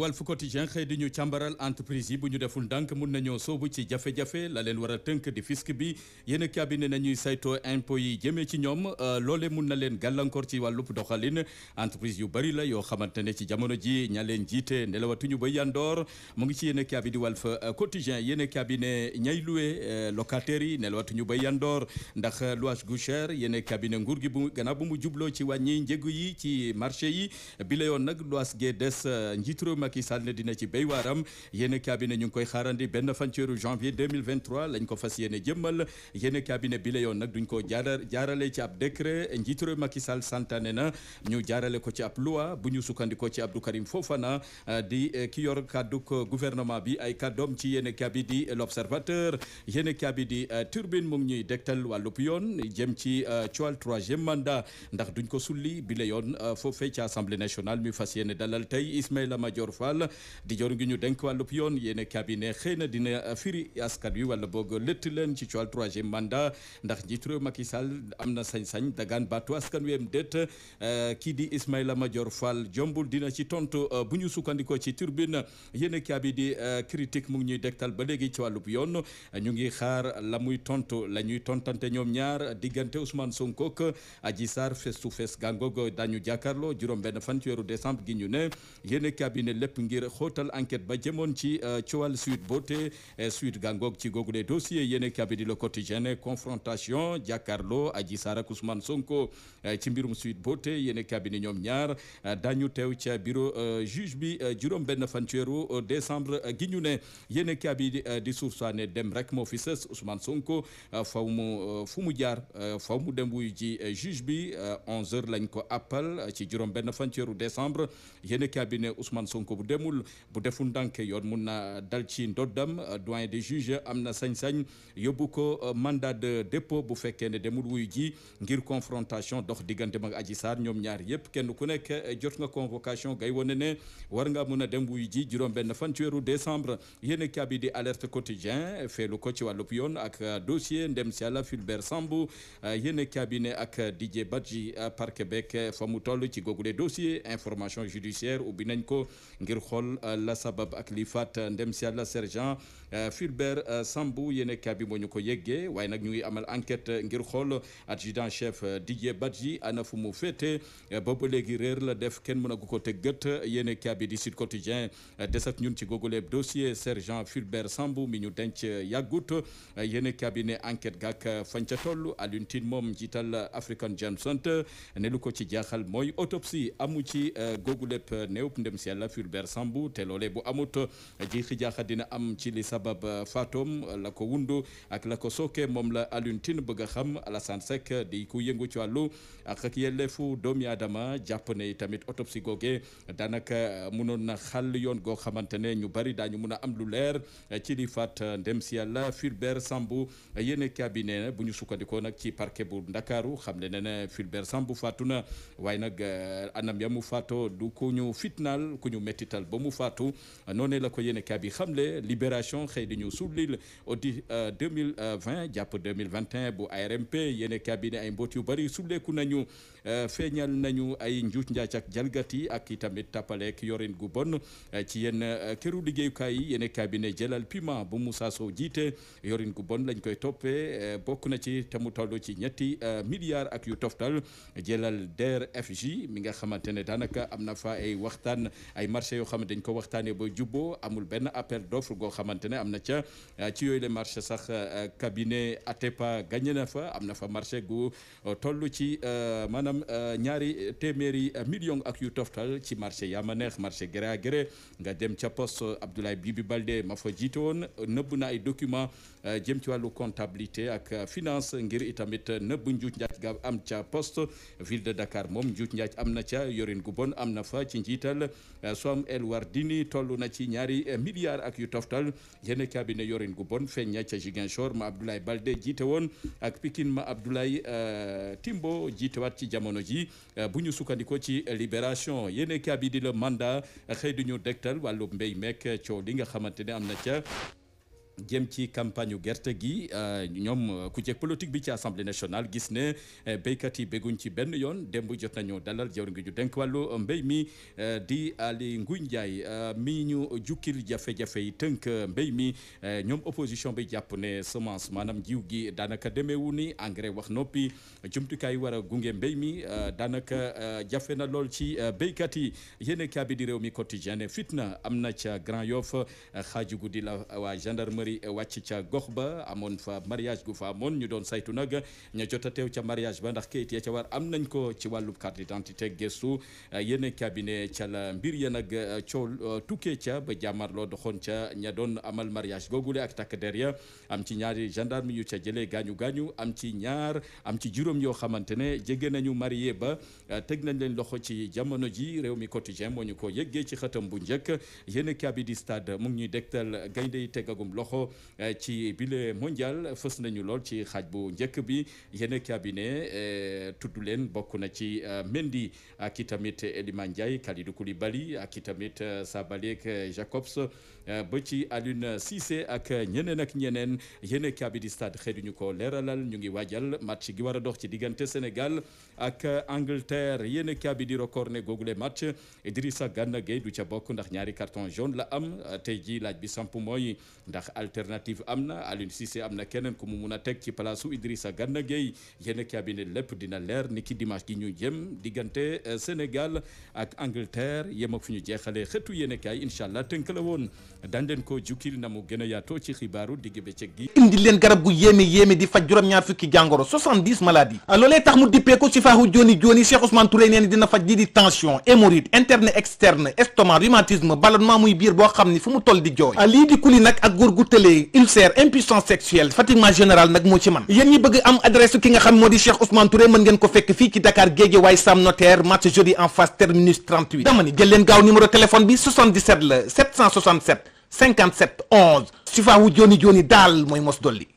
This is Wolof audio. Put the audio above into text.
Walf Quotidien xëy di ñu càmbaral entreprise yi bu ñu deful ndànk mun nañoo soobu ci jafe-jafe la leen war tënk di fisc bi yéen a cabinet nañuy sayto impôt yi jëmee ci ñoom euh, loole mun na leen gàllankoor ci wàllub doxalin entreprise yu bari la yoo xamante ne ci jamono ji ña leen jiite nelawatuñu ba yandoor mu ngi ci yéen a cabinet di Walf euh, Quotidien yéen a cabinet ñay loué euh, locataires yi nelawatuñu ba yandoor ndax louage gu cher yéen a nguur gi bu gannaaw bu mu jubloo ci wàññi njëgu yi ci marché yi bi la yoon nag louage ge des ma Macky Sall ne dina ci béy waaram yéen cabinet ñu ngi koy xaarandi benn fan ci weeru janvier 2023 lañ ko fas yéene jëmmal yéen cabinet bi la yoon nag duñ ko jaara jaarale ci ab décret njiitu réew Macky Sall santaane na ñu jaarale ko ci ab loi bu ñu sukkandikoo ci Abdou Karim Fofana euh, di euh, ki yor kàddug gouvernement bi ay kaddoom ci yéen cabinet di l'observateur yéen cabinet di euh, turbine mu ñuy dektal wàllub yoon jëm ci coal troisième mandat ndax duñ ko sulli bi la yoon foofee ci assemblée nationale mi fas yéene dalal tey Ismaïla Madior Fall di jor gi ñu denk wàllub yoon yéen cabinet xëy na dina firi askan wi wala boog lëtt leen ci coowal troisième mandat ndax njiitu réew Macky Sall am na sañ-sañ dagaan baatu askan wi am euh, kii di Ismaïla jor Fall jombul dina ci tontu euh, bu ñu sukkandikoo ci turbine yéen cabinet di euh, critique mu ngi ñuy dektal ba léegi ci wàllub yoon ñu ngi xaar la muy tontu la ñuy tontante ñoom ñaar diggante Ousmane Sonko ak Adji Sarr face to face gàngoog dañu jàkkaarloo juróom benn fan ci weeru décembre gi ñu ne lépp ngir xóotal enquete ba jëmoon ci euh, coowal Sweet Beauté euh, Sweet gàngoog ci googu les dossiers yéen kabidi le quotidien confrontation jàkkaarloo Adji Sarr ak Ousmane Sonko euh, ci mbirum Sweet Beauté yéen kabidi ñoom ñaar dañu teew ca bureau juge bi juróom benn fan ci weeru décembre gi ñu ne yéen kabidi di suuf saa ne dem rek moo fi sës Ousmane Sonko faw mu fu mu jaar faw mu dem wuy ji juge bi 11h lañ ko appal ci juróom benn décembre yéen Sonko ko bu demul bu deful ndànk yoon mun na dal ci ndoddam doyen des juges am na sañ-sañ yóbbu ko euh, mandat de dépôt bu fekkee ne demul wuyu ji ngir confrontation dox diggante mag aji Sarr ñoom ñaar yëpp kenn ku nekk euh, jot nga convocation gay wane ne war nga mun a dem wuyu ji juróom-benn fan ci weeru décembre yéen kabi di alerte quotidien feelu ko ci wàllub yoon ak euh, dossier ndem si Yàlla Fulbert Sambou yéen ne ak Didier Badji parquet beeg fa mu toll ci googule dossier information judiciaire ubbi nañ ko ngir xool euh, la sabab ak li faat euh, ndem si yàlla sergent euh, Fulbert Sambou yéenekaay bi moo ñu ko yeggee waaye nag ñu ngi amal enquête ngir xool adjudant chef Didier Badji ana fu mu féete boobu léegi réer la def kenn mën a ko teg gët yéenekaay bi di Sud Quotidien des ak ñun ci googuleeb dossier sergent Fulbert Sambou mi ñu denc yàggut yéenekaay bi ne enquête gàk fañ ca toll Alioune moom jiital African Jam Center ne lu ko ci jaaxal mooy autopsie amu ci googuleeb néewub ndem si yàlla Fulbert Fulbert Sambou te loolee bu amut jiixi jaaxa dina am ci li sabab euh, fatom la ko wundu ak la ko sooke moom la Alioune Tine bëgg a xam Alassane Seck di ku yëngu ci wàllu ak ak yelleefu doomi aadama jàpp ne tamit autopsie googe daanaka euh, munoon na xàll yoon goo xamante ne ñu bari daañu mun a am lu leer euh, ci li faat ndem si yàlla Fulbert Sambou yéen cabinet bu ñu sukkandikoo nag ci parquet bu Ndakaaru xam ne ne ne Fulbert faatu na waaye nag anam yamu faato du ku ñu fitnaal mettital ba mu faatu noonu la ko yéene kaa bi xamle libération xëy di ñu sullil audi 2020 jàpp 2021 bu ARMP yéene kaa bi ne ay mboot yu bari sulleeku nañu euh, feeñal nañu ay njuuj njaaj jalgati ak itamit tapaleek yorin bon euh, ci yenn euh, këru liggéeyukaay kaay yéene kaa bi ne jëlal piment bu Moussa Sow jiite yorin gu bon lañ koy toppee bokk na ci te mu toll ci ñetti milliards ak yu toftal jëlal DER FJ mi nga daanaka am na ay waxtaan ay marché marché yoo xam ne dañ ko waxtaanee ba jubbo amul benn appel d'offre goo xamante ne am na ca ci yooyu le marché sax cabinet Atepa gagné na fa am na fa marché gu euh, toll ci euh, maanaam euh, ñaari téeméeri million ak yu toftal ci marché yaama neex marché gré à gré nga dem ca poste Abdoulaye Bibi Baldé ma fa jiite woon nëbb na ay document jëm ci wàllu comptabilité ak finance ngir itamit nëbb njuuj njaaj ga am ca post ville de Dakar moom njuuj njaaj am na ca yorin gu bon am na fa ci njiital Sam El Wardini toll na ci ñaari eh, milliards ak yu toftal yéen cabinet yorin gu bon feeñ ca Ziguinchor ma Abdoulaye Balde jiite woon ak Pikine ma Abdoulaye eh, Timbo jiitewaat ci jamono ji eh, bu ñu sukkandikoo ci Libération yéen cabinet di la manda xëy duñu dektal wàllu mbéy meek coow li nga xamante ne am na ca jëm ci campagne yu gerte gi euh, ñoom euh, ku jeeg politique bi ci assemblée nationale gis ne euh, béykat yi bégguñ ci benn yoon démb jot nañoo dalal jawriñ gi ju dénk wallu mbay mi di Ali Ngouille Ndiaye mi ñu jukkil jafe-jafe yi tënk mbay mi ñoom opposition bi jàpp ne semence maanaam jiw gi daanaka demeewu ni engrais wax noppi jumtukaay war a gunge mbay mi daanaka jafe na lool ci béykat yi yéen a di réew mi quotidien fitna am na ca Grand Yoff xaaju guddi la waa gendarmerie. bari ca gox ba amoon fa mariage gu fa amoon ñu doon saytu nag ña jot a teew ca mariage ba ndax kayit ya ca war am nañ ko ci wàllub carte d'identité gëstu yenn cabinet ca la mbir ya nag coow tukkee ca ba jàmmarloo doxoon ca ña doon amal mariage googule ak takk der ya am ci ñaar gendarme yu ca jëlee gaañu gaañu am ci ñaar am ci juróom yoo xamante ne jege nañu marié ba teg nañ leen loxo ci jamono ji réew mi quotidien moo ñu ko yëggee ci xëtam bu njëkk yenn cabinet loxo eh, ci bile mondial fës nañu lool ci xaaj bu njëkk bi yéen cabinet eh, tudd leen bokk na ci eh, Mendy ak itamit Elimane Ndiaye Kalidou Koulibaly ak itamit Sabaly ak Jacobs ba ci Aliou Cissé ak ñeneen ak ñeneen yéen cabinet di stade xëduñu ko leeralal ñu ngi waajal match gi war a dox ci diggante Sénégal ak Angleterre yenn cabinet di record ne googule match Idrissa Gana Gueye du ca bokk ndax ñaari carton jaune la am tey ji laaj bi samp mooy ndax alternative am na Aliou Cissé am na keneen ku mu mun a teg ci place su Idrissa Gana Gueye yéen cabinet lépp dina leer ni ki gi ñu jëm diggante euh, Sénégal ak Angleterre yem fu ñu jeexalee xëtu yéen kaay incha allah tënk la woon daan leen ko jukkil na mu gën a yaatoo ci xibaaru digg bëccëg gi. indi leen garab gu yéeme yéeme di faj juróom-ñaar fukki jàngoro 70 maladies. Ah, loolee tax mu dippee ko si faaxu joni joni Cheikh Ousmane Touré nee na dina faj lii di tension hémorroïde interne externe estomac rhumatisme ballonnement muy biir boo di jooy. Ah, tëlee ulcère impuissance sexuelle fatiguement générale nag moo ci man yéen ñi bëgg am adresse ki nga xam moo di Cheikh Ousmane Touré mën ngeen ko fekk fii ci Dakar Guédiawaye Sam Notaire match jeudi en face terminus 38 dama ni jël leen gaaw numéro téléphone bi la 767 57 11 su faawu daal mooy mos dolli